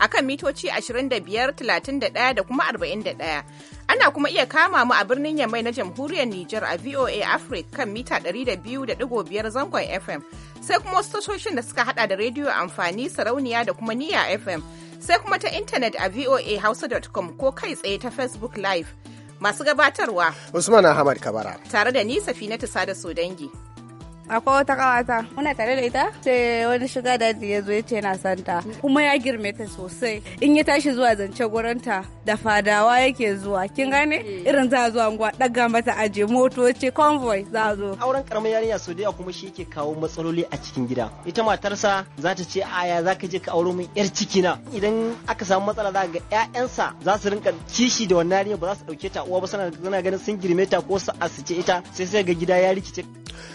akan mitoci 25, 31 da kuma 41. Ana kuma iya kama mu a birnin Yamai na jamhuriyar Nijar a VOA Africa kan mita 200.5 zangon FM. Sai kuma wasu tashoshin da suka hada da rediyo amfani sarauniya da kuma niya FM. Sai kuma ta intanet a voahausa.com ko kai tsaye ta Facebook Live. Masu gabatarwa. Usman Ahmad Kabara. Tare da ni Safinatu Sada dangi. akwai wata kawata muna tare da ita ce wani shiga da ya zo ya ce yana santa kuma ya girme ta sosai in ya tashi zuwa zance gurinta da fadawa yake zuwa kin gane eh. irin za a zo anguwa daga mata aje motoci convoy za a zo auren karamin yarinya so da kuma shi yake kawo matsaloli a cikin gida ita matarsa za ta ce aya za ka je ka auro min yar cikina idan aka samu matsala za ga ƴaƴansa za su rinka kishi da wannan yarinya ba za su dauke ta uwa ba sana ganin sun girme ta ko su asice ita sai sai ga gida ya rikice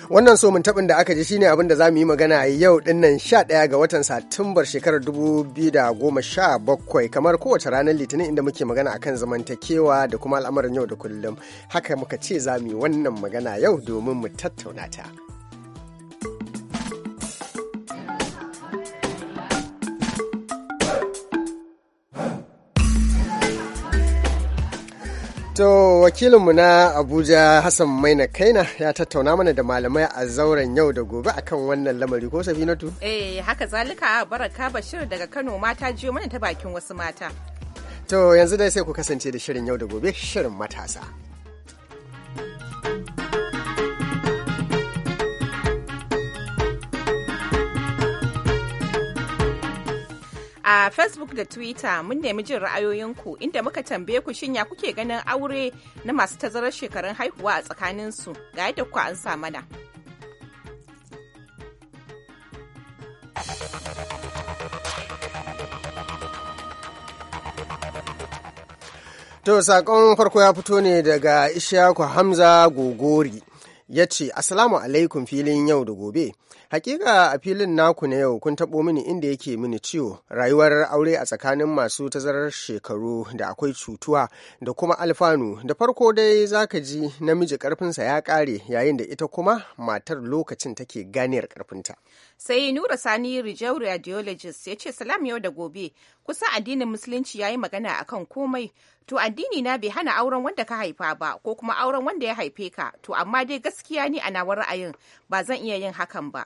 wannan so mun tabin da aka ji shine abin da za mu yi magana yau dinnan 11 ga watan satumbar shekarar dubu biyu da goma sha bakwai kamar kowace ranar litinin inda muke magana akan zamantakewa da kuma al'amuran yau da kullum haka muka ce za mu yi wannan magana yau domin mu tattauna ta To wakilinmu na Abuja Hassan Maina Kaina ya tattauna mana da malamai a zauren yau da gobe akan wannan lamari ko Safinatu? Eh haka zalika a Baraka Bashir daga Kano mata jiyo mana ta bakin wasu mata. To yanzu dai sai ku kasance da shirin yau da gobe shirin matasa. A Facebook da Twitter mun nemi jin ra'ayoyinku inda muka tambaye ku shinya kuke ganin aure na masu tazarar shekarun haihuwa a tsakaninsu ga yadda ku an sa mana. To, saƙon farko ya fito ne daga Ishaku Hamza Gogori ya ce, asalamu alaikum filin yau da gobe. Hakika a filin naku na yau kun taɓo mini inda yake mini ciwo rayuwar aure a tsakanin masu tazarar shekaru da akwai cutuwa da kuma alfanu da farko dai zaka ji namiji karfinsa ya ƙare yayin da ita kuma matar lokacin take ganiyar karfinta. Sai Nura Sani Rijau Radiologist ya ce salam yau da gobe kusan addinin musulunci ya yi magana akan komai to addini na bai hana auren wanda ka haifa ba ko kuma auren wanda ya haife ka to amma dai gaskiya ni a nawa ra'ayin ba zan iya yin hakan ba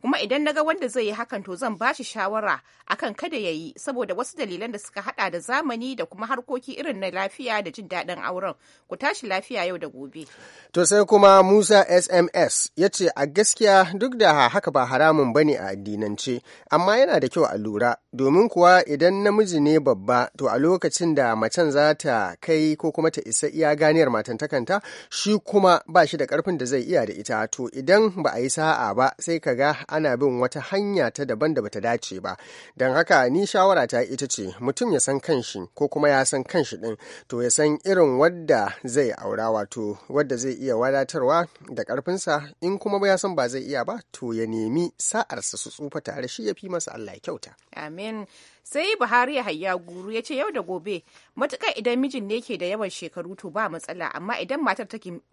kuma idan na ga wanda zai yi hakan to zan bashi shawara akan kada ya yi saboda wasu dalilan da suka hada da zamani da kuma harkoki irin na lafiya da jin daɗin auren ku tashi lafiya yau da gobe to sai kuma musa sms ya ce a gaskiya duk da haka ba haramun ba ne a addinance amma yana da kyau a lura domin kuwa idan namiji ne babba to a lokacin da macen za ta kai ko kuma ta isa iya ganiyar matantakanta shi kuma ba shi da karfin da zai iya da ita to idan ba a yi sa'a ba sai ka ga ana bin wata hanya ta daban da bata dace ba don haka ni shawara ta ita ce mutum ya san kanshi ko kuma ya san kanshi din to ya san irin wadda zai aura wato wadda zai iya wadatarwa da karfinsa in kuma ya san ba zai iya ba to ya nemi sa'arsa su tsufa tare shi ya fi masa Allah ya kyauta amin sai buhari ya hayya guru ya ce yau da gobe matuƙa idan mijin ne ke da yawan shekaru to ba matsala amma idan matar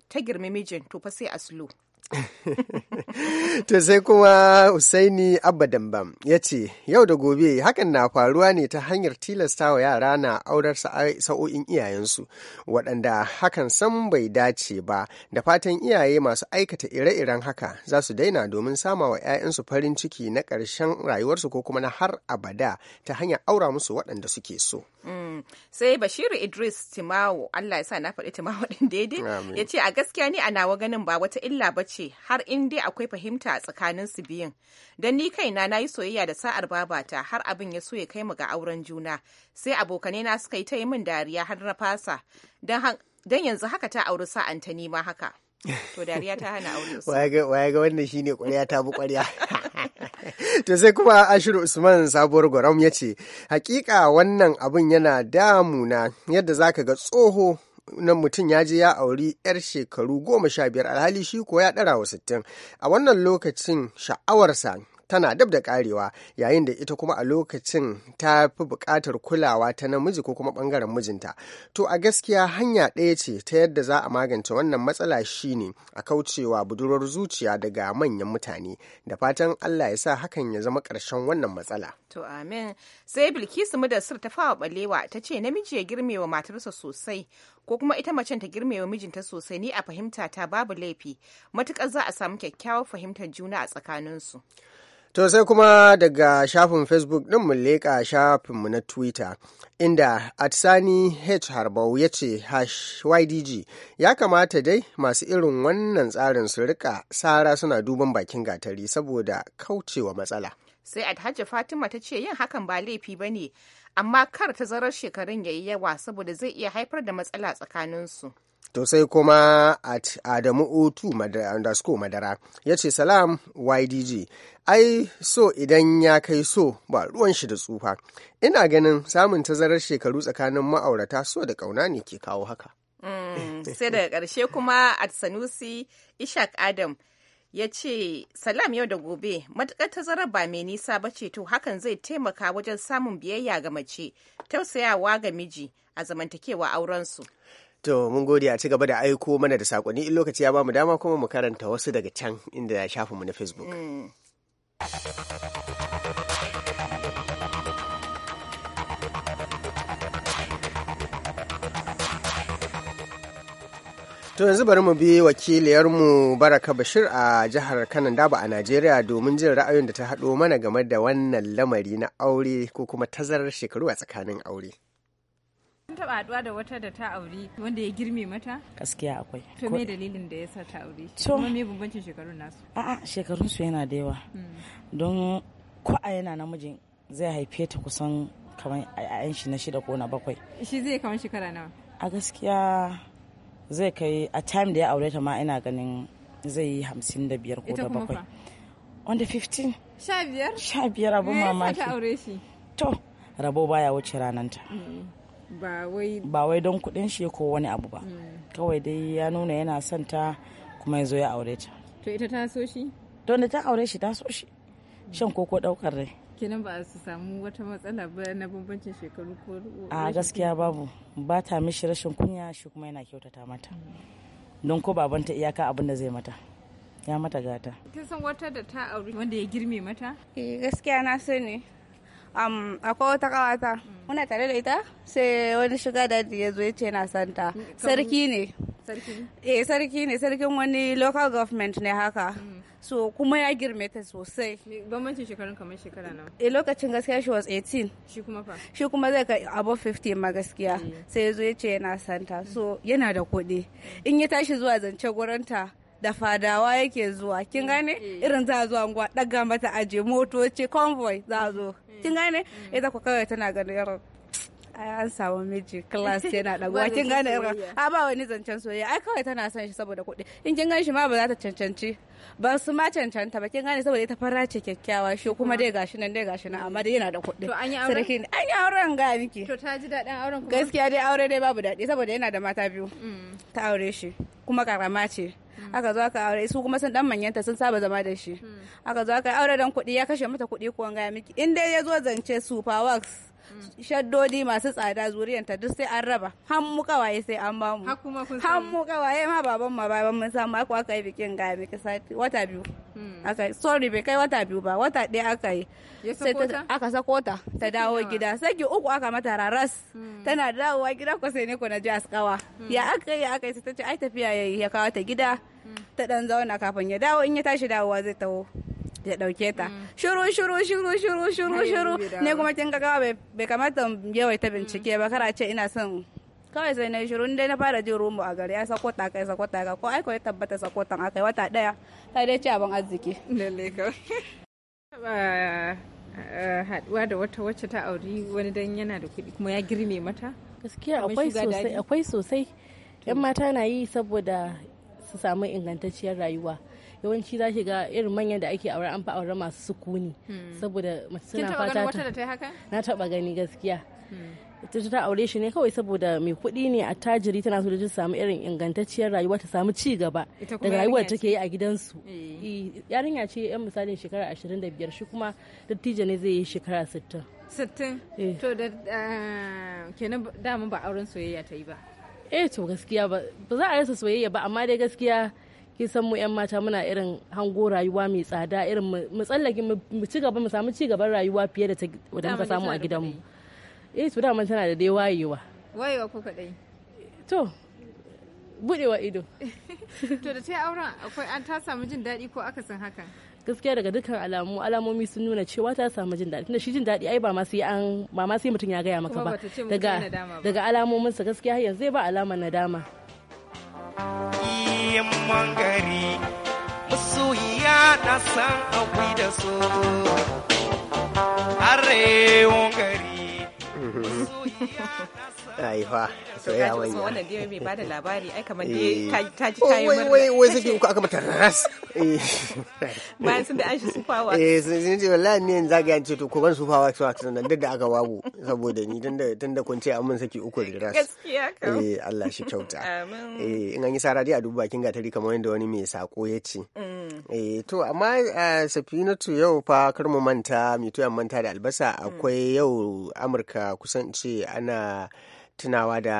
ta girmi mijin to fa sai a slow to sai kuma Usaini Abba Dambam ya ce, Yau da gobe hakan na faruwa ne ta hanyar tilastawa yara na aurar sa'o'in iyayensu, waɗanda hakan san bai dace ba, da fatan iyaye masu aikata ire-iren haka za su daina domin sama wa 'ya'yansu farin ciki na ƙarshen rayuwarsu ko kuma na har abada ta hanyar aura musu waɗanda suke so. Mm. sai bashiru idris timawo allah ya sa na faɗi timawo ɗin daidai ya ce a gaskiya ni a nawa ganin ba wata illa ba ce har in dai akwai fahimta a tsakanin su biyun don ni kaina na yi soyayya da sa'ar babata har abin ya so ya kai mu ga auren juna sai abokanai na suka yi ta yi min dariya har na fasa don yanzu haka ta auri sa'anta ni ma haka to dariya ta hana aure waya ga wannan shine kwarya ta bi kwarya to sai kuma ashiru usman sabuwar gwaram ya ce hakika wannan abun yana damuna yadda zaka ga tsoho na mutum ya je ya auri 'yar shekaru goma sha biyar alhali shi ko ya ɗara wa sittin a wannan lokacin sha'awarsa tana dab da karewa yayin da ita kuma a lokacin ta fi bukatar kulawa ta namiji ko kuma ɓangaren mijinta to a gaskiya hanya ɗaya ce ta yadda za a magance wannan matsala shine a kaucewa budurwar zuciya daga manyan mutane da fatan allah ya sa hakan ya zama karshen wannan matsala to amin sai bilkisu sir ta fawa balewa ta ce namiji ya girmewa matarsa sosai ko kuma ita macen ta girmewa mijinta sosai ni a fahimta ta babu laifi matukar za a samu kyakkyawar fahimtar juna a tsakaninsu To sai kuma daga shafin Facebook ɗin mu leƙa shafinmu na Twitter. Inda Atsani H. Harbau ya ce YDG ya kamata dai masu irin wannan tsarin su rika sara suna duban bakin gatari saboda kaucewa matsala. Sai Alhaji Fatima ta ce yin hakan ba laifi ba ne, amma kar ta zarar shekarun yayi yawa saboda zai iya haifar da matsala tsakaninsu. to sai kuma at adamu otu underscore madara ya ce salam ydg ai so idan ya kai so ba ruwan shi da tsufa ina ganin samun tazarar shekaru tsakanin ma'aurata so da kauna ne ke kawo haka mm, sai daga ƙarshe kuma at sanusi ishak adam ya ce salam yau da gobe matuƙar tazarar ba mai nisa ba ce to hakan zai taimaka wajen samun biyayya ga mace tausayawa ga miji a zamantakewa aurensu To mun gode a ci gaba da aiko mana da sakonni in lokaci ya ba mu dama kuma mu karanta wasu daga can inda ya mu na Facebook. To yanzu bari mu bi wakiliyarmu Baraka Bashir a jihar Kanandaba a Najeriya domin jin ra'ayoyin da ta haɗo mana game da wannan lamari na aure ko kuma tazarar shekaru a tsakanin aure. taba haduwa da wata da ta aure wanda ya girme mata? Gaskiya akwai. To me dalilin da ya sa ta aure To Kuma me bambancin shekarun nasu? A'a shekarun su yana da yawa. Hmm. Don ko a yana namijin zai haife ta kusan kamar a shi na shida ko na bakwai. Shi zai kamar shekara nawa? A gaskiya zai kai a time da ya aure ta ma ina ganin zai yi hamsin da biyar ko da bakwai. Wanda 15? Sha biyar? Sha biyar abin mamaki. Me ya aure shi? To, rabo baya wuce rananta. Hmm. ba wai don kuɗin shi ko wani abu ba hmm. kawai dai ya nuna yana son ta kuma ya zo ya aure ta to ita ta so shi to da ta aure shi ta so shi shan koko ɗaukar rai kenan ba su samu wata matsala ba na bambancin shekaru ko a gaskiya babu ba ta mishi rashin kunya shi kuma yana kyautata mata don ko baban ta iyaka abin da zai mata ya mata gata kin san wata da ta aure wanda ya girme mata eh gaskiya na so ne. akwai wata kawata muna tare da ita sai wani shiga da ya zo ya ce yana santa sarki ne eh sarki ne sarkin wani local government ne haka mm. so kuma ya girme ta sosai bambancin shekarun kamar shekara nawa eh lokacin gaskiya shi was 18 shi kuma fa shi kuma zai kai above 50 ma gaskiya mm. sai ya zo ya yana santa so yana da kuɗi in ya tashi zuwa zance gurinta da fadawa yake zuwa kin mm. gane mm. irin za a zo anguwa daga mata aje motoci convoy za a zo mm. kin gane ita ku kawai tana ganin irin an samu miji class yana dagowa kin gane irin a ba wani zancen soyayya ai kawai tana son shi saboda kuɗi in kin gane shi ma ba za ta cancanci ba su ma cancanta ba kin gane saboda ita fara ce kyakkyawa shi kuma dai gashi nan dai gashi nan amma dai yana da kuɗi to an yi an yi auren ga miki to ta ji daɗin auren kuma gaskiya dai aure dai babu daɗi saboda yana da mata biyu ta aure shi kuma karama ce Mm. aka zo aka aure su kuma sun dan manyanta sun saba zama da shi mm. aka zo aka aure dan kuɗi ya kashe mata kuɗi ko ga miki in dai ya zo zance su works. Mm. shaddodi masu tsada zuriyanta duk sai an raba han mu kawaye sai an bamu han mu kawaye ma baban ma baban mun samu aka aka yi bikin ga miki sati wata biyu mm. aka sorry bai kai wata biyu ba wata ɗaya aka yi sai aka sako ta ta dawo gida saki uku aka mata raras mm. tana dawowa gida ko sai ne ko na ji askawa ya aka yi aka yi sai ta ce ai tafiya ya kawo ta gida ta dan zauna kafin ya dawo in ya tashi dawowa zai tawo ya ɗauke ta mm. shuru shuru shuru shuru shuru shuru ne kuma kin ga bai kamata yawaita bincike ba kara ce ina son kawai sai na shuru dai na fara jin romo a gari ya sako ta kai sako ta ko aiko ya tabbata sako ta kai wata daya ta dai ci abin arziki lalle kawai Haɗuwa eh, da wata wacce ta auri wani dan yana da kuɗi kuma ya girme mata gaskiya akwai sosai akwai sosai yan mata na yi saboda su samu ingantacciyar rayuwa yawanci za ki ga irin manyan da ake aure an fa aure masu sukuni hmm. saboda mace suna fata ta na taba gani gaskiya hmm. ta ta aure shi ne kawai saboda mai kuɗi ne a tajiri tana so da ta samu irin ingantacciyar rayuwa ta samu ci gaba daga rayuwar da take yi a gidansu eh. Eh, yarinya ce yan misalin shekara ashirin da biyar shi kuma dattijo ne zai yi shekara sittin. Sittin. Eh. to da kenan dama ba auren soyayya ta yi ba eh to gaskiya ba za a rasa soyayya ba amma dai gaskiya kin san mu yan mata muna irin hango rayuwa mai tsada irin mu tsallake mu ci gaba mu samu ci gaban rayuwa fiye da da muka samu a gidanmu eh to daman tana da dai wayewa wayewa ko kadai to budewa ido to da sai auren akwai an ta samu jin daɗi ko aka san haka gaskiya daga dukkan alamu alamomi sun nuna cewa ta samu jin daɗi tunda shi jin daɗi ai ba ma sai an ba ma sai mutum ya gaya maka ba daga daga alamomin sa gaskiya yanzu zai ba alamar nadama muhimman gari masoyiya na san akwai da su arewan gari ai fa sai ya wani wannan dai bai bada labari ai kamar dai ta eh. ji tayi oh, murna wai wai sai uku aka mata ras eh. bayan sun da an shi sufawa eh sun ce wallahi ni yanzu ga yance to ko ban sufawa su a nan da aka wago saboda ni tunda tunda kun ce an mun saki uku da ras gaskiya eh Allah shi kyauta eh in an yi sara dai a dubu bakin gatari kamar yadda wani mai sako ya ce mm. eh to amma eh, safinatu yau fa kar mu manta mito manta da albasa mm. akwai yau amurka kusan ce ana tunawa da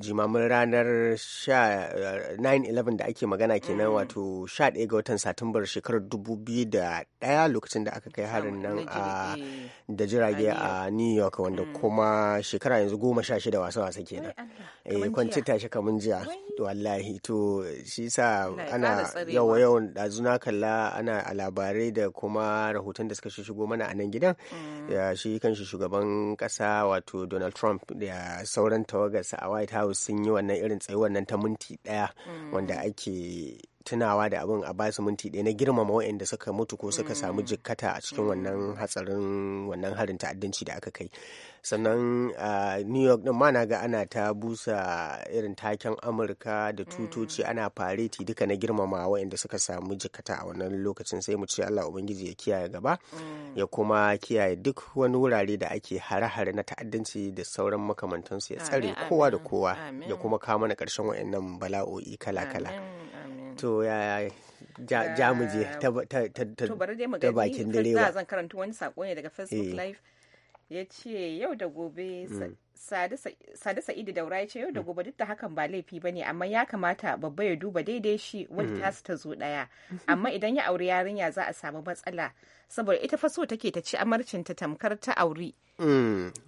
jimamin ranar 9-11 eh, da ake magana kenan mm. wato 11 ga watan satumbar shekarar 2001 lokacin da aka kai harin nan a da jirage a new york wanda mm. kuma shekara yanzu goma sha shida wasa wasa kenan eh kwanci tashi kamun jiya wallahi to shi sa ana yawa yawan ɗazuna kalla ana a labarai da kuma rahoton da suka shigo mana a nan gidan mm. shi shi shugaban kasa wato donald trump da sauran tawagarsa a white house sun yi wannan irin tsayuwar nan ta minti daya mm. wanda ake tunawa da abin a basu minti ɗaya na girmama waɗanda suka mutu ko suka samu mm. jikkata a cikin wannan mm. hatsarin wannan harin ta'addanci da aka kai sannan a new york din mana ga ana ta busa irin taken amurka da tutoci mm. ana fareti duka na girmama waɗanda suka samu jikata a wannan lokacin sai mu ce allah ubangiji ya kiyaye gaba mm. ya kuma kiyaye duk wani wurare da ake hare-hare na ta'addanci da sauran makamantansu ya tsare kowa da kowa ya kuma kawo mana ƙarshen waɗannan bala'o'i kala-kala to ya ja, ta bakin direwa. zan karanta wani sako ne daga Facebook eh. Live ya ce yau da gobe mm. sadi sa'idu daura ya ce yau da mm. gobe duk da hakan ba laifi ba ne amma ya kamata babba ya duba daidai shi wadda mm. ta su ta zo daya amma idan ya auri yarinya za a samu matsala saboda ita fa so take ta ci ta tamkar ta auri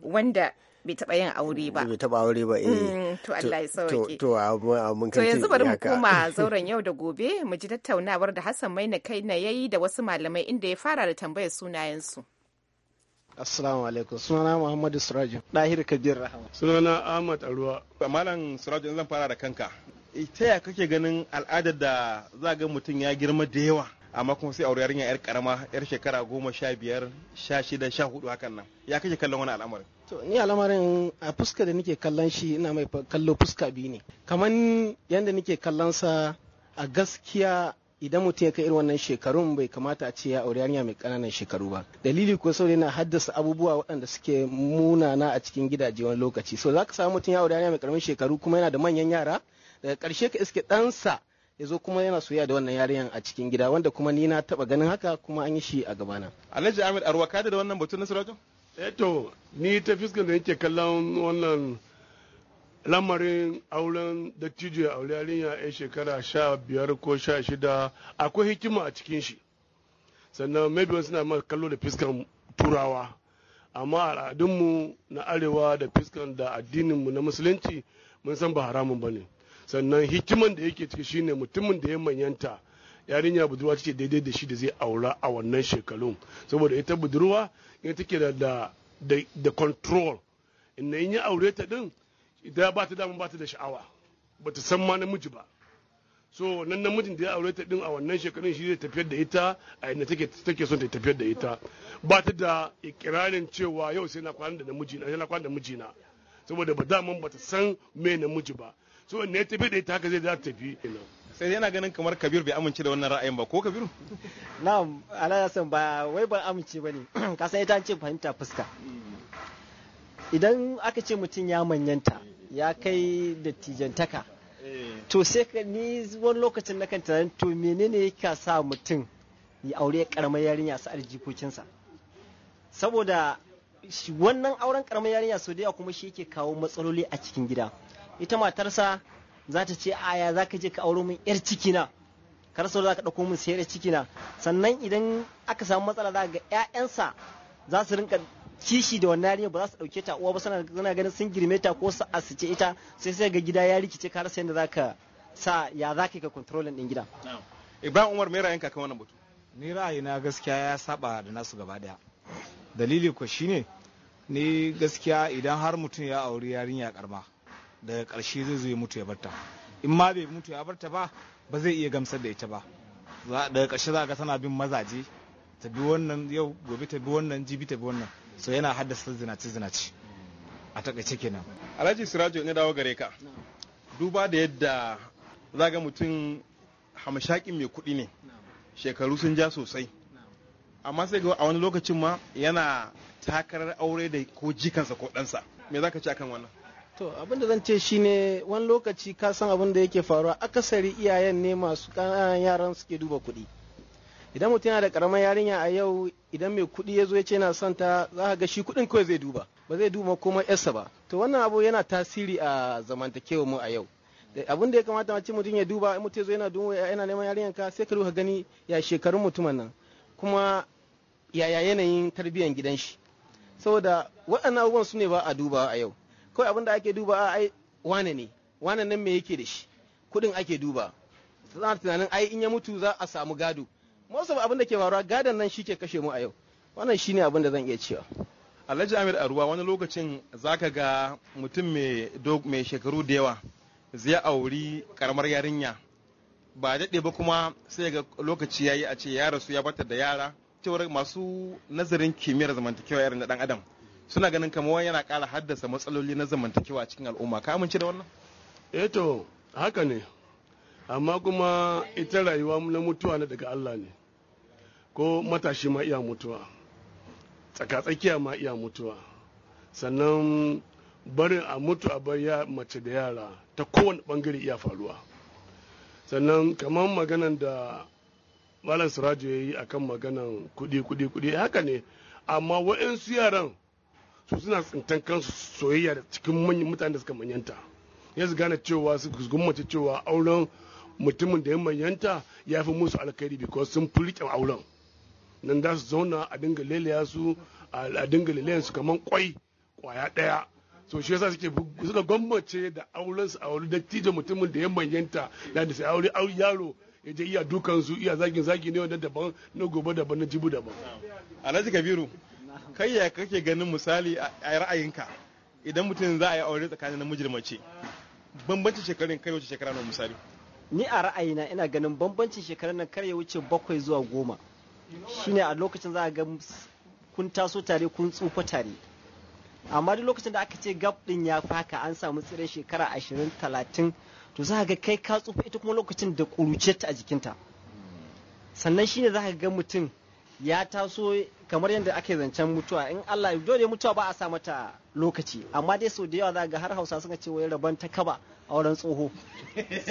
wanda bai taɓa yin aure ba. Bai taɓa aure ba eh. To Allah ya sauke. To mun To yanzu bari mu koma zauren yau da gobe mu ji tattaunawar da Hassan Maina kai na yayi da wasu malamai inda ya fara da tambayar sunayen su. Assalamu alaikum. Sunana Muhammadu Surajin. Dahir Kabir Rahama. Sunana Ahmad Aruwa. Malam Surajin zan fara da kanka. Eh, ta ya kake ganin al'adar da za ga mutum ya girma da yawa amma kuma sai aure yarinya yar karama yar shekara goma sha biyar sha shida sha hudu hakan nan ya kake kallon wani al'amarin. To ni al'amarin a fuska da nake kallon shi ina mai kallo fuska biyu ne. Kaman yadda nake kallon sa a gaskiya idan mutum ya kai irin wannan shekarun bai kamata a ce ya aure yarinya mai ƙananan shekaru ba dalili kuwa saboda yana haddasa abubuwa waɗanda suke munana a cikin gidaje wani lokaci so zaka samu mutum ya aure yarinya mai ƙaramin shekaru kuma yana da manyan yara daga ƙarshe ka iske ɗansa ya zo kuma yana soyayya da wannan yarinyan a cikin gida wanda kuma ni na taɓa ganin haka kuma an yi shi a gabana alhaji Amir, arwa ka da wannan batun na sarajo eto eh ni ta fiskan da yake kallon wannan lamarin auren dattijo ya aure yarinya yan shekara sha biyar ko sha shida akwai hikima a cikin shi sannan maybe suna ma kallo da fiskan turawa amma al'adunmu na arewa da fiskan da addininmu na musulunci mun san ba haramun ba ne sannan hikiman da yake ciki shine mutumin da ya manyanta yarinya budurwa ce daidai da shi da zai aura a wannan shekarun saboda ita budurwa ita take da da control in ya aure ta din idan ba ta damun ba ta da sha'awa ba ta san ma namiji ba so nan namijin da ya aure ta din a wannan shekarun shi zai tafiyar da ita a inda take take son ta tafiyar da ita ba ta da ikirarin cewa yau sai na kwana da namiji na na kwana da miji na saboda ba daman ba ta san me namiji ba so ne ya tafi da ita haka zai za ta tafi sai yana ganin kamar kabir bai amince da wannan ra'ayin ba ko kabiru na'am san ba wai ban amince bane ka san ita an ce fahimta fuska hmm. idan aka ce mutum ya manyanta ya kai dattijantaka to sai ka ni wani lokacin na kan to menene ka sa mutum ya aure karamar yarinya su jikokinsa saboda wannan auren karamar yarinya sau da kuma shi yake kawo matsaloli a cikin gida ita matarsa za ta ce aya za ka je ka auro min yar cikina kar sau za ka ɗauko min sayar cikina sannan idan aka samu matsala za ga 'ya'yansa za su rinka kishi da wannan yarinya ba za su dauke ta uwa ba suna ganin sun girme ta ko su asice ita sai sai ga gida ya rikice ka rasa yadda ka sa ya za ka kontrolin din gida Ibrahim Umar mai ra'ayinka kan wannan batu ni ra'ayina gaskiya ya saba da nasu gaba daya dalili ko shine ni gaskiya idan har mutum ya auri yarinya karma daga karshe zai zo ya mutu ya barta in ma bai mutu ya barta ba ba zai iya gamsar da ita ba daga karshe za ga tana bin mazaje ta wannan yau gobe ta wannan jibi ta bi wannan so yana haddasa zinace zinace a takaice kenan alhaji sirajo ne dawo gare ka duba da yadda za ga mutum hamashakin mai kuɗi ne shekaru sun ja sosai amma sai ga a wani lokacin ma yana takarar aure da ko jikansa ko ɗansa me za ci akan wannan to abin da zan ce shine wani lokaci ka san abin da yake faruwa akasari iyayen ne masu ƙananan yaran suke duba kuɗi idan mutum yana da karamar yarinya a yau idan mai kuɗi ya zo ya ce yana son ta za ka ga shi kuɗin kawai zai duba ba zai duba kuma yarsa ba to wannan abu yana tasiri a zamantakewa mu a yau abin da ya kamata a mace mutum ya duba mutum ya zo yana yana neman yarinya ka sai ka duka gani ya shekarun mutumin nan kuma yaya yanayin tarbiyyar gidan shi saboda waɗannan abubuwan su ne ba a duba a yau kawai abin da ake duba a, ai wane ne wane nan me yake da shi kuɗin ake duba tana tunanin ai in ya mutu za a samu gado most abin da ke faruwa gadan nan shi ke kashe mu a yau wannan shi ne abin da zan iya cewa Alhaji Amir Aruwa wani lokacin zaka ga mutum mai shekaru da yawa zai auri karamar yarinya ba daɗe ba kuma sai ga lokaci ya yi a ce ya rasu ya bata da yara cewar masu nazarin kimiyyar zamantakewa irin da ɗan adam suna ganin kamar yana ƙara haddasa matsaloli na zamantakewa cikin al'umma ka amince da wannan eh haka ne amma kuma ita rayuwa na mutuwa na daga Allah ne ko matashi ma iya mutuwa tsakatsakiya ma iya mutuwa sannan barin a mutu a bar ya mace da yara ta kowane bangare iya faruwa sannan kamar maganan da malam sirajo ya yi akan maganan kudi kudi kudi haka ne amma wa'insu yaran su suna tsintan kansu soyayya da cikin mutane da suka manyanta ya gane cewa su gummace cewa auren mutumin da ya manyanta ya fi musu alkhairi because sun fi riƙe auren nan za su zauna a dinga lelaya su a dinga su kamar kwai kwaya ɗaya so shi yasa suke suka gwammace da auren su wani dattijo mutumin da ya manyanta na da sai aure yaro ya je iya dukan su iya zagin zagi ne wanda daban na gobe daban na jibu daban alhaji kabiru kai ya kake ganin misali a ra'ayinka idan mutum za a yi aure tsakanin namiji mace bambanci shekarun kai wuce shekara nan misali ni a ra'ayina ina ganin bambancin shekarun nan kar ya wuce bakwai zuwa goma shine a lokacin za a ga kun taso tare kun tsufa tare amma duk lokacin da aka ce gab din ya faka an samu tsirin shekara ashirin talatin to za ga kai ka tsufa ita kuma lokacin da kuruce ta a jikinta sannan shine za ka ga mutum ya taso kamar yadda ake zancen mutuwa in Allah dole mutuwa ba a sa mata lokaci amma dai sau da yawa za ga har hausa suka ce wai rabon ta kaba a wurin tsoho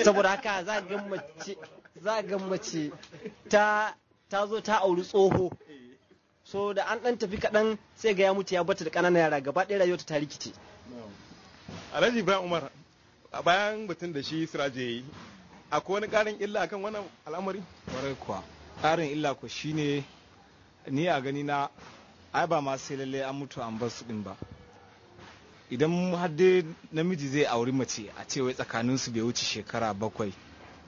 saboda haka za ga mace za ga mace ta ta zo ta auri tsoho so da an dan tafi kaɗan sai ga ya mutu ya bata da ƙananan yara gaba ɗaya rayuwa ta rikice Alhaji Ibrahim Umar a bayan batun da shi Siraje yi. akwai wani ƙarin illa akan wannan al'amari? Kwarai kuwa karin illa ko shine ni a gani na ai ba ma sai lalle an mutu an bar su din ba idan har namiji zai auri mace a ce wai tsakanin su bai wuce shekara bakwai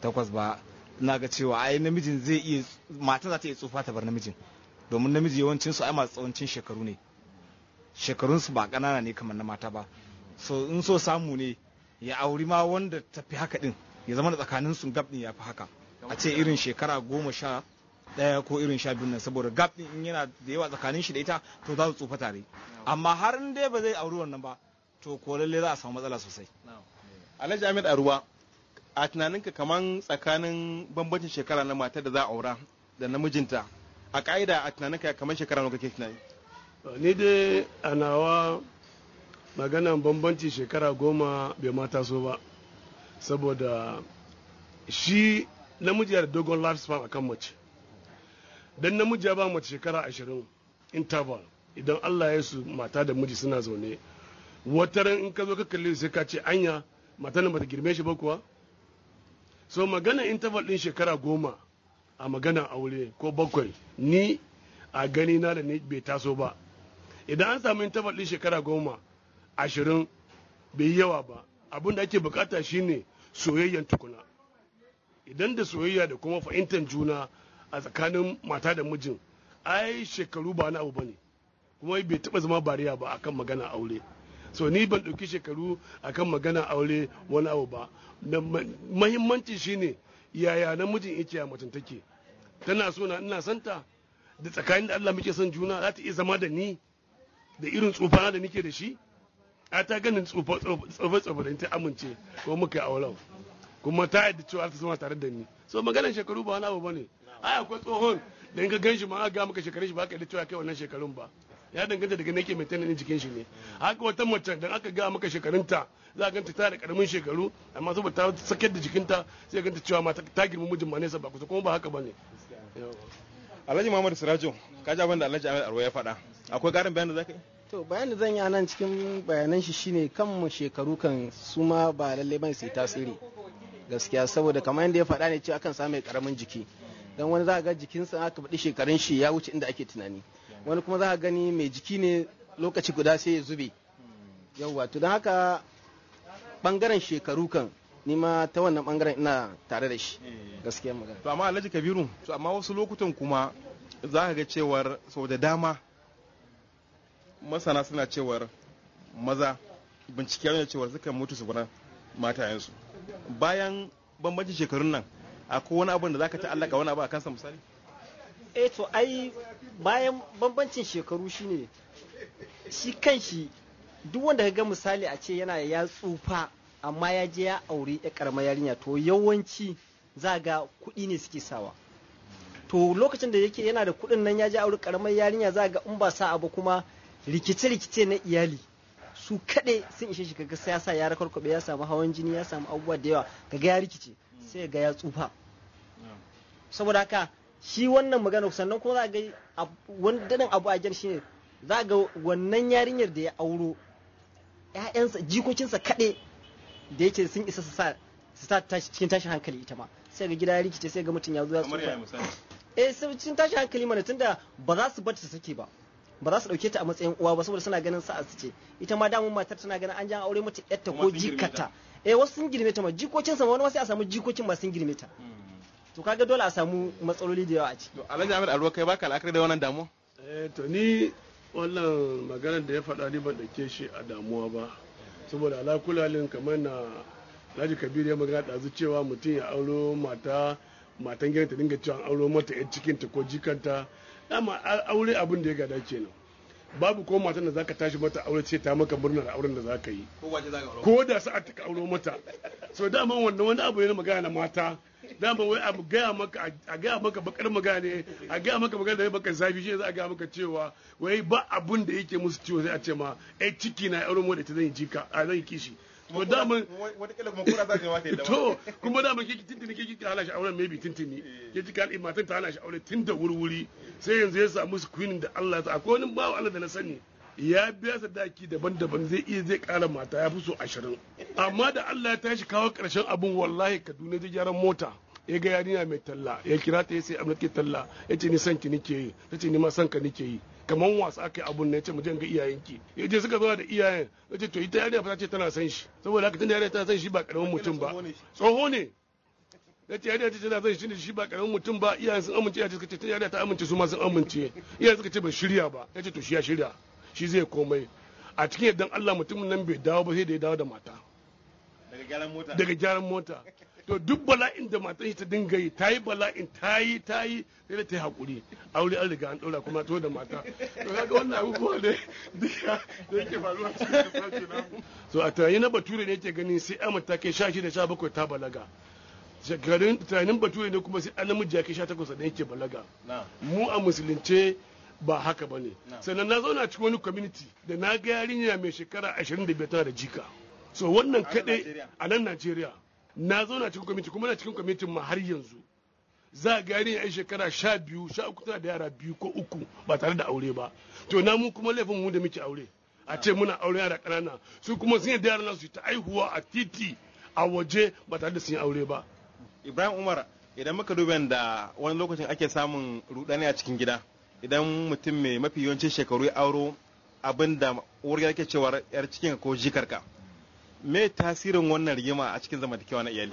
takwas ba na ga cewa ai namijin zai iya mata za ta iya tsufa ta bar namijin domin namiji yawancin su ai masu tsawancin shekaru ne shekarun su ba ƙanana ne kamar na mata ba so in so samu ne ya auri ma wanda tafi haka din ya zama da tsakanin su gab din ya fi haka a ce irin shekara goma sha daya ko irin sha biyun nan saboda gap din in yana da yawa tsakanin shi da ita to za su tsufa tare amma har in dai ba zai auri wannan ba to ko lalle za a samu matsala sosai Alhaji amir Aruwa a tunaninka kaman tsakanin bambancin shekara na matar da za a aura da namijinta a ka'ida a tunaninka kaman shekara nawa kake tunani ni dai a nawa maganan bambancin shekara goma bai mata so ba saboda shi namiji da dogon lifespan akan mace dan namiji ya ba mace shekara ashirin interval idan Allah ya su mata da miji suna zaune wata wataran in ka zo ka kalli sai ka ce anya mata nan bata girme shi ba kuwa so magana interval din shekara goma a magana aure ko bakwai ni a gani na da ni bai taso ba idan an samu interval din shekara goma ashirin bai yawa ba abin da ake bukata shine soyayyan tukuna idan da soyayya da kuma fahimtar juna a tsakanin mata da mijin ai shekaru ba na abu ba ne kuma bai taba zama bariya ba akan magana aure so ni ban ɗauki shekaru akan magana aure wani abu ba mahimmanci shine yaya namijin yake ya mutum take tana so na ina santa da tsakanin da Allah muke son juna za ta iya zama da ni da irin tsufana da nake da shi a ta ganin tsofe tsofe da ta amince ko muka yi auren kuma ta yadda cewa ta zama tare da ni so maganar shekaru ba wani abu bane ai akwai tsohon da in ka ganshi ma ga maka shekarun shi ba ka da cewa kai wannan shekarun ba ya danganta daga nake mai tananin jikin shi ne haka wata mace dan aka ga maka shekarun ta za ganta ta da karamin shekaru amma saboda ta sakar da jikinta sai ganta cewa ma ta girma mijin ma nesa ba kusa kuma ba haka bane Alhaji Muhammad Sirajo ka ji abin da Alhaji Ahmed Arwa ya faɗa akwai karin bayani da zaka yi to bayan da zan yi nan cikin bayanan shi shine kan mu shekaru kan su ma ba lalle bane sai tasiri gaskiya saboda kamar yadda ya faɗa ne cewa akan samu karamin jiki don wani za a ga jikinsa aka faɗi shekarun shi ya wuce inda ake tunani wani kuma za a gani mai jiki ne lokaci guda sai ya zube yawwa to don haka bangaren shekaru kan ni ma ta wannan bangaren ina tare da shi gaskiya magana to amma alhaji kabiru to amma wasu lokutan kuma za ka ga cewar sau da dama masana suna cewar maza binciken ne cewar suka mutu su matayensu bayan bambanci shekarun nan akwai wani abin da zaka allaka wani abu a kansa misali eh to ai bayan bambancin shekaru shine shi kan shi duk wanda ka ga misali a ce yana ya tsufa amma ya je ya aure ya karama yarinya to yawanci za ga kuɗi ne suke sawa to lokacin da yake yana da kuɗin nan ya je aure karamar yarinya za ga in ba sa ba kuma rikice-rikice na iyali su kaɗai sun ishe shi kaga sai ya sa ya rakarkwabe ya samu hawan jini ya samu abubuwa da yawa kaga ya rikice sai ga ya tsufa saboda haka shi wannan magana sannan kuma za ga wannan abu a shi ne za ga wannan yarinyar da ya auro ‘ya'yansa jikokinsa kaɗai da yake sun isa su sa cikin tashin hankali ita ma sai ga gida ya rikice sai ga mutum ya zo ya tsufa eh cikin tashin hankali mana tunda ba za su bar ta sake ba ba za su dauke ta a matsayin uwa ba saboda suna ganin sa'a su ce ita ma damun matar tana ganin an jan aure mata yatta ko jikata eh wasu sun girme ta ma jikokin sama wani ma sai a samu jikokin ma sun girme ta hmm. to kaga dole a samu matsaloli da yawa a ciki to alhaji Ahmed Alwa kai baka la'akari da wannan damuwa eh to ni wannan maganar da ya faɗa ni ban dake shi a damuwa ba saboda ala kulalin kamar na Alhaji Kabiru ya magana ɗazu cewa mutum ya auro mata matan gidan ta dinga cewa auro mata cikin ta ko jikanta dama aure abin da ya gada nan babu ko matan da zaka tashi mata aure ce ta maka murnar auren da zaka yi ko da sa'a ta auro mata so dama wannan wani abu ne na magana na mata dama wai a gaya maka a gaya maka bakar magana ne a gaya maka magana da ya baka zafi shi za a gaya maka cewa wai ba abun da yake musu ciwo sai a ce ma ai ciki na auren wadda ta zan jika a zan kishi kuma daman watakila kuma kura za ka wata to kuma daman ke tintini ke kika halashi auren maybe tintini eh. ke kika al'i matan ta halashi auren tun da wurwuri sai yanzu ya samu su queen da Allah ta akwai wani bawo Allah da na sani ya biya sadaki daban-daban zai iya zai kara mata ya fi so ashirin amma da Allah ya tashi kawo karshen abin wallahi Kaduna zai gyaran mota ya ga yarinya mai talla ya kira ta ya sai amurka talla ya ce ni son ki nike yi ta ce ni ma son ka nake yi kamar wasa aka yi abun ne ce mu je ga iyayen ki ya je suka zo da iyayen ya ce to ita yarinya fa ta ce tana san shi saboda haka tunda yarinya tana san shi ba karamin mutum ba tsoho ne da ta ce tana san shi ne shi ba karamin mutum ba iyayen sun amince ya ce suka ce tun yarinya ta amince su ma sun amince iyayen suka ce ba shirya ba ya ce to shi ya shirya shi zai komai a cikin yadda Allah mutumin nan bai dawo ba sai da ya dawo da mata daga gyaran mota to duk bala'in da matan shi ta dinga yi ta yi bala'in ta yi ta yi sai ta yi haƙuri aure an riga an ɗora kuma to da mata to ga wannan abubuwa ne duka da yake faruwa cikin kasashe so a tunanin na bature ne ke ganin sai a matakin sha shida sha bakwai ta balaga shekarun tunanin bature ne kuma sai an namiji ya ke sha takwas da yake balaga mu a musulunce ba haka ba ne sannan na zauna cikin wani community da na ga yarinya mai shekara 25 tana da jika so wannan kaɗai a nan najeriya na zauna cikin kwamiti kuma na cikin kwamitin ma har yanzu za a gari yan shekara sha biyu sha uku tana da yara biyu ko uku ba tare da aure ba to na mu kuma laifin mu da muke aure a ce muna aure yara ƙanana su kuma sun yadda yara su ta aihuwa a titi a waje ba tare da sun yi aure ba ibrahim umar idan muka duba da wani lokacin ake samun rudani a cikin gida idan mutum mai mafi yawancin shekaru ya auro abin da uwar ke cewa yar cikin ko jikarka me tasirin wannan rigima a cikin zamantakewa na iyali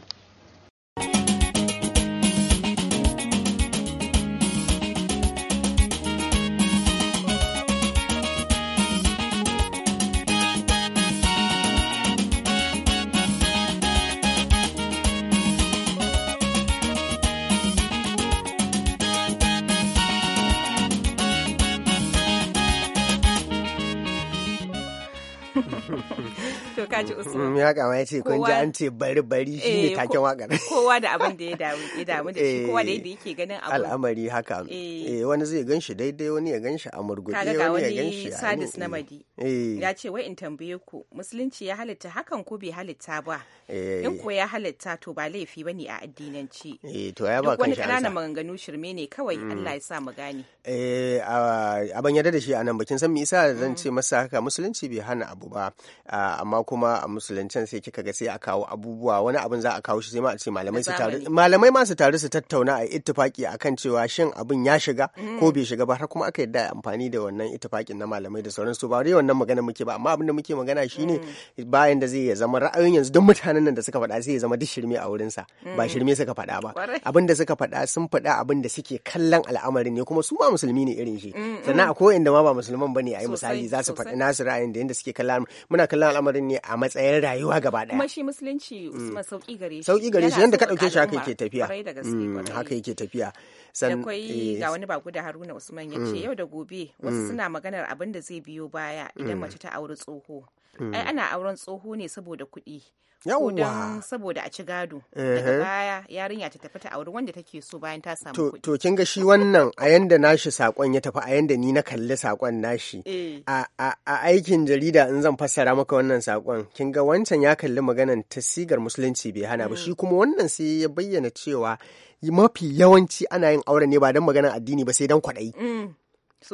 Mm, ya kama ya ce kun ji an ce bari bari shi ne eh, taken wakar kowa da abin da ya damu da shi kowa da eh, yadda yake ganin abu al'amari haka eh. eh wani zai gan shi daidai wani ya gan shi a murguje wani ya gan shi a sadis na madi ya ce wai in tambaye ku musulunci ya halitta hakan ko bai halitta ba in ko ya halitta to ba laifi ne a addinanci eh to ya ba kan shi wani maganganu shirme ne kawai mm. Allah ya sa mu gane eh ban yadda da shi a nan bakin san me yasa zan mm. ce masa haka musulunci bai hana abu ba ah, amma kuma a musulunci zancen sai kika ga sai a kawo abubuwa wani abin za a kawo shi sai ma a ce malamai su taru malamai ma su taru su tattauna a ittifaki akan cewa shin abin ya shiga mm. ko bai shiga ba har kuma aka yadda amfani da wannan ittifakin na malamai da sauran su ba dai wannan magana muke ba amma abin da muke magana shine mm. bayan da zai zama ra'ayoyin yanzu duk mutanen nan da suka faɗa sai ya zama duk shirme a wurin sa ba mm. shirme suka faɗa ba abin da suka faɗa sun faɗa abin da suke kallon al'amarin ne kuma su ma musulmi ne irin shi sannan ko inda ma ba musulman bane a misali za su faɗi nasu ra'ayin da yanda suke kallon muna kallon al'amarin ne a matsayin rayuwa gaba daya kuma shi musulunci mm. usman sauki gare shi sauki gare shi yanda ka dauke shi mm, haka yake tafiya haka yake tafiya san eh, ga wani bako da Haruna Usman yace mm. yau da gobe wasu suna maganar abin da zai biyo baya idan mace ta auri tsoho ai mm. ana auren tsoho ne saboda kuɗi yawwa saboda a ci gado daga baya yarinya ta tafi ta auri wanda take so bayan ta samu kuɗi to kin shi wannan a yanda nashi sakon ya tafi a yanda ni na kalli sakon nashi eh. a aikin jarida in zan fassara maka wannan sakon kin ga wancan ya kalli maganan ta sigar musulunci bai hana ba mm. shi kuma wannan sai ya bayyana cewa mafi yawanci ana yin auren ne ba don maganan addini ba sai don kwaɗayi mm.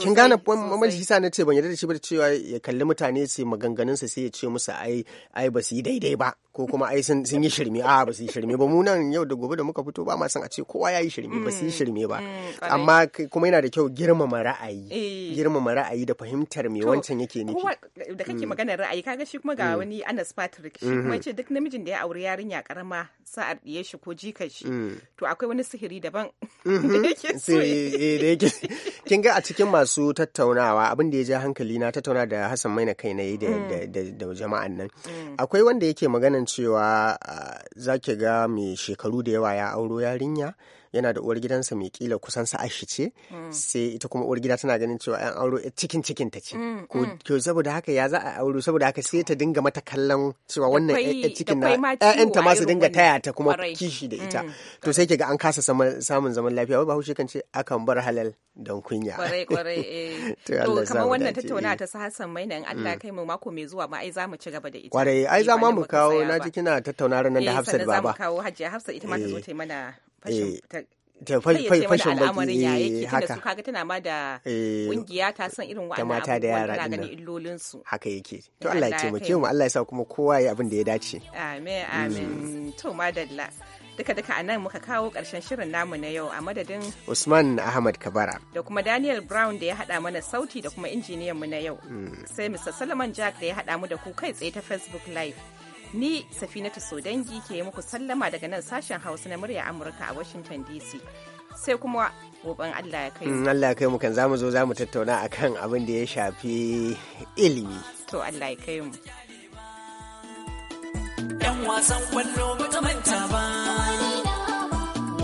kin gane mamaji shi na ce ban yarda da shi ba cewa ya kalli mutane su maganganunsa sai ya ce musu ai ai ba su yi daidai ba ko kuma ai sun yi shirme a ba su yi shirme ba mu nan yau da gobe da muka fito ba ma san a ce kowa ya yi shirme ba su yi mm, shirme ba mm, amma kuma yana da kyau girmama ra'ayi eh. girmama ra'ayi da fahimtar me wancan yake nufi da kake mm. magana ra'ayi kaga shi kuma ga wani Anas Patrick shi kuma mm-hmm. yace duk namijin da ya auri yarinya karama sa'ar diye shi ko jikar shi to akwai wani sihiri daban mm-hmm. eh, da yake so kin ga a cikin masu tattaunawa abin da ya ja hankali na tattauna da Hassan Maina kai na yi da jama'an nan akwai wanda yake magana cewa ah, za ga mai shekaru da yawa ya auro yarinya yana da uwar gidansa mai kila kusan sa'a shi ce sai ita kuma uwar gida tana ganin cewa 'yan auro cikin cikin ta ce mm, ko mm. saboda haka ya za a auro saboda haka sai ta dinga mata kallon cewa wannan cikin na ƴaƴanta ta masu dinga taya ta kuma kishi da ita mm, to sai kiga an kasa samun zaman lafiya ba bahaushe kan ce akan bar halal don kunya kwarai kwarai eh to kamar wannan tattauna eh. ta sa Hassan Maina in Allah kai mu mako mai zuwa ma ai za mu ci gaba da ita kwarai ai za mu kawo na kina tattauna ranar da eh, Hafsat baba za mu kawo Hajiya Hafsat ita ma ta zo eh. ta yi mana Eh, ta fashin baki ya yake eh, haka su kaga tana ma da kungiya eh, ta san irin wa'annan mata da yara din illolin su haka yake to Allah ya taimake mu Allah ya sa kuma kowa ya abin da ya dace amin amin mm. to madalla duka duka a nan muka kawo ƙarshen shirin namu na yau a madadin Usman Ahmad Kabara da kuma Daniel Brown da ya haɗa mana sauti da kuma injiniyan mu na yau mm. sai Mr. Solomon Jack da ya haɗa mu da ku kai tsaye ta Facebook Live Ni Safinatu Sodangi ke muku sallama daga nan sashen Hausa na murya Amurka a Washington DC. Sai kuma goben Allah ya kai. Allah ya kai mu kan zamu zo zamu tattauna akan abin da ya shafi ilimi. To Allah ya kai mu. Yan wasan kwallo bata manta ba.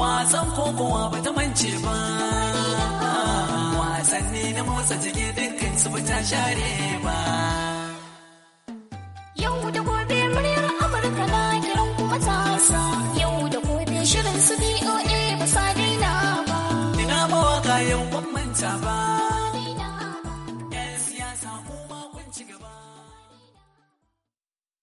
Wasan kokowa bata mance ba. Wasanni na motsa jiki dukkan su bata share ba. ta